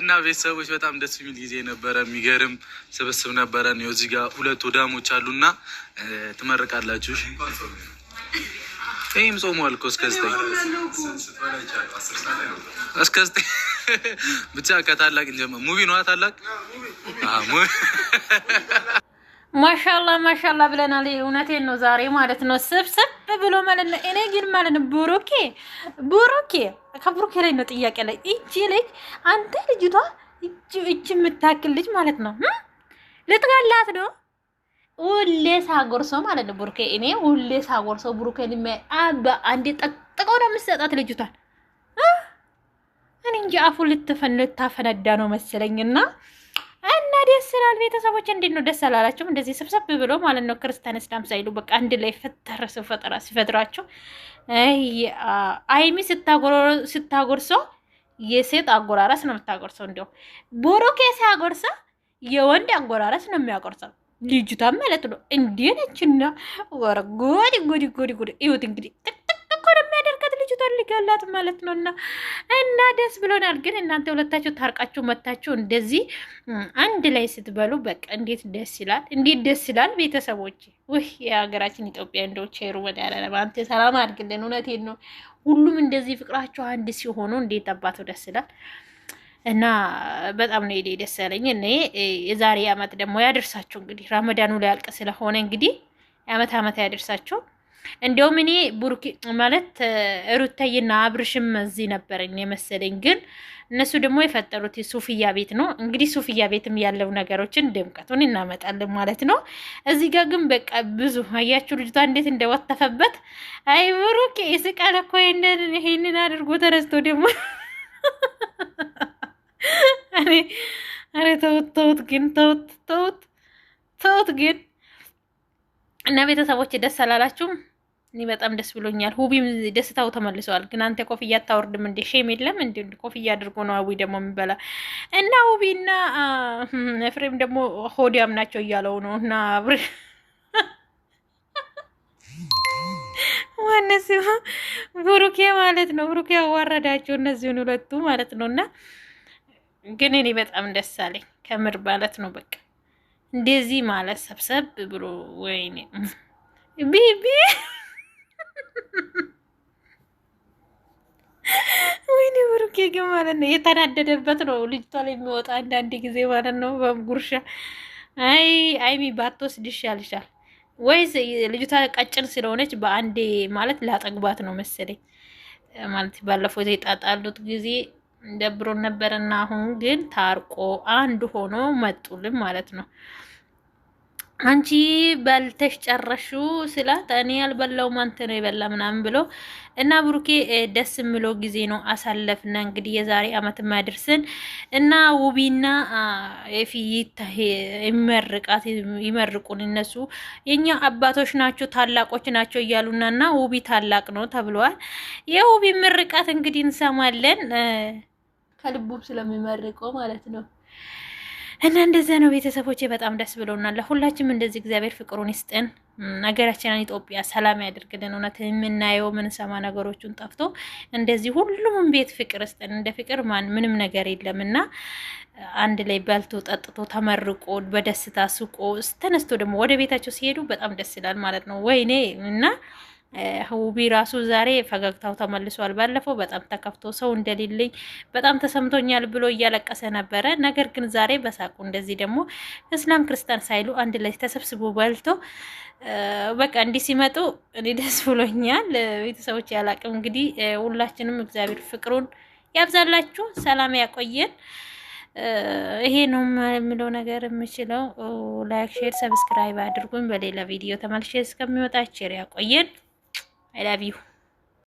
እና ቤተሰቦች በጣም ደስ የሚል ጊዜ ነበረ። የሚገርም ስብስብ ነበረ። ነው እዚህ ጋር ሁለት ወዳሞች አሉና ትመርቃላችሁ። ይህም ጾሙ አልኮ እስከ ዘጠኝ እስከ ዘጠኝ ብቻ ከታላቅ እንጀምር። ሙቪ ነዋ ታላቅ ማሻላ ማሻላ ብለናል። እውነቴን ነው ዛሬ ማለት ነው ስብስብ ብሎ ማለት ነው። እኔ ግን ማለት ነው ብሩኬ ብሩኬ ከብሩኬ ላይ ነው ጥያቄ ላይ እቺ ልጅ አንተ ልጅቷ እቺ እቺ የምታክል ልጅ ማለት ነው ልትገላት ነው ሁሌ ሳጎርሶ ማለት ነው ብሩኬ። እኔ ሁሌ ሳጎርሶ ብሩኬን አባ አንዴ ጠቅጥቀው ነው የምትሰጣት ልጅቷን። እኔ እንጂ አፉ ልታፈነዳ ነው መሰለኝና ደስ ይላል። ቤተሰቦች እንዴት ነው? ደስ አላላቸውም? እንደዚህ ሰብሰብ ብሎ ማለት ነው ክርስቲያን እስላም ሳይሉ በቃ አንድ ላይ ፈጠረ ሰው ፈጠራ ሲፈጥራቸው አይሚ ስታጎርሰው የሴት አጎራረስ ነው የምታጎርሰው። እንዲሁም ቦሮኬ ሲያጎርሰ የወንድ አጎራረስ ነው የሚያጎርሰው። ልጅቷ ማለት ነው እንዴ ነችና ወረ ጎድ ጎድ ጎድ ጎድ ይሁት እንግዲህ ትፈልጋላት ማለት ነው። እና እና ደስ ብሎናል። ግን እናንተ ሁለታችሁ ታርቃችሁ መታችሁ እንደዚህ አንድ ላይ ስትበሉ በቃ እንዴት ደስ ይላል! እንዴት ደስ ይላል! ቤተሰቦች ውህ የሀገራችን ኢትዮጵያ እንደው ቸሩ መድኃኒዓለም አንተ ሰላም አድርግልን። እውነቴን ነው። ሁሉም እንደዚህ ፍቅራቸው አንድ ሲሆኑ እንዴት አባቱ ደስ ይላል። እና በጣም ነው ሄደ ደስ ያለኝ። እኔ የዛሬ አመት ደግሞ ያደርሳቸው እንግዲህ ረመዳኑ ሊያልቅ ስለሆነ እንግዲህ አመት አመት ያደርሳቸው። እንደውም እኔ ቡርኪ ማለት ሩተይና አብርሽም እዚህ ነበር የመሰለኝ፣ ግን እነሱ ደግሞ የፈጠሩት ሱፍያ ቤት ነው። እንግዲህ ሱፍያ ቤትም ያለው ነገሮችን ድምቀቱን እናመጣለን ማለት ነው። እዚህ ጋር ግን በቃ ብዙ አያችሁ፣ ልጅቷ እንዴት እንደወተፈበት። አይ ብሩኬ ስቃል እኮ ይሄንን አድርጎ ተረስቶ ደግሞ አረ ተውት ተውት፣ ግን ተውት ተውት ተውት ግን እና ቤተሰቦች ደስ አላላችሁም? እኔ በጣም ደስ ብሎኛል። ሁቢም ደስታው ተመልሰዋል። ግን አንተ ኮፍያ አታወርድም እንዴ? ሼም የለም እንዴ? ኮፍያ አድርጎ ነው አዊ ደግሞ የሚበላ እና ሁቢና ፍሬም ደግሞ ሆዲያም ናቸው እያለው ነው እና አብር ዋነስ ብሩኬ ማለት ነው ብሩኬ ያዋረዳቸው እነዚህን ሁለቱ ማለት ነው። እና ግን እኔ በጣም ደስ አለኝ ከምር ማለት ነው። በቃ እንደዚህ ማለት ሰብሰብ ብሎ ወይኔ ቢቢ ብሩኬ ግን ማለት ነው የተናደደበት ነው ልጅቷ ላይ የሚወጣ አንዳንድ ጊዜ ማለት ነው በጉርሻ አይ አይሚ ባትወስድ ይሻልሻል ወይስ ልጅቷ ቀጭን ስለሆነች በአንዴ ማለት ላጠግባት ነው መሰለኝ ማለት ባለፈው የጣጣሉት ጊዜ ደብሮ ነበርና አሁን ግን ታርቆ አንድ ሆኖ መጡልን ማለት ነው አንቺ በልተሽ ጨረሹ ስላት እኔ ያልበላው ማንተ ነው የበላ ምናምን ብሎ እና ብሩኬ ደስ ምሎ ጊዜ ነው አሳለፍና እንግዲህ የዛሬ አመት ማድርስን እና ውቢና ፊይታ ይመርቃት ይመርቁን እነሱ የኛ አባቶች ናቸው ታላቆች ናቸው እያሉና እና ውቢ ታላቅ ነው ተብለዋል። የውቢ ምርቃት እንግዲህ እንሰማለን። ከልቡም ስለሚመርቀው ማለት ነው። እና እንደዚያ ነው ቤተሰቦቼ፣ በጣም ደስ ብሎናል። ለሁላችንም እንደዚህ እግዚአብሔር ፍቅሩን ይስጥን ሀገራችንን ኢትዮጵያ ሰላም ያደርግልን። እውነት የምናየው ምንሰማ ነገሮቹን ጠፍቶ እንደዚህ ሁሉም ቤት ፍቅር ይስጠን። እንደ ፍቅር ማን ምንም ነገር የለም እና አንድ ላይ በልቶ ጠጥቶ ተመርቆ በደስታ ስቆ ተነስቶ ደግሞ ወደ ቤታቸው ሲሄዱ በጣም ደስ ይላል ማለት ነው። ወይኔ እና ውቢ ራሱ ዛሬ ፈገግታው ተመልሷል። ባለፈው በጣም ተከፍቶ ሰው እንደሌለኝ በጣም ተሰምቶኛል ብሎ እያለቀሰ ነበረ። ነገር ግን ዛሬ በሳቁ እንደዚህ ደግሞ እስላም ክርስቲያን ሳይሉ አንድ ላይ ተሰብስቦ በልቶ በቃ እንዲህ ሲመጡ እኔ ደስ ብሎኛል። ቤተሰቦች ያላቅም እንግዲህ ሁላችንም እግዚአብሔር ፍቅሩን ያብዛላችሁ፣ ሰላም ያቆየን። ይሄ ነው የምለው ነገር የምችለው። ላይክ፣ ሼር፣ ሰብስክራይብ አድርጉኝ። በሌላ ቪዲዮ ተመልሼ እስከሚወጣ ቸር ያቆየን። I love you.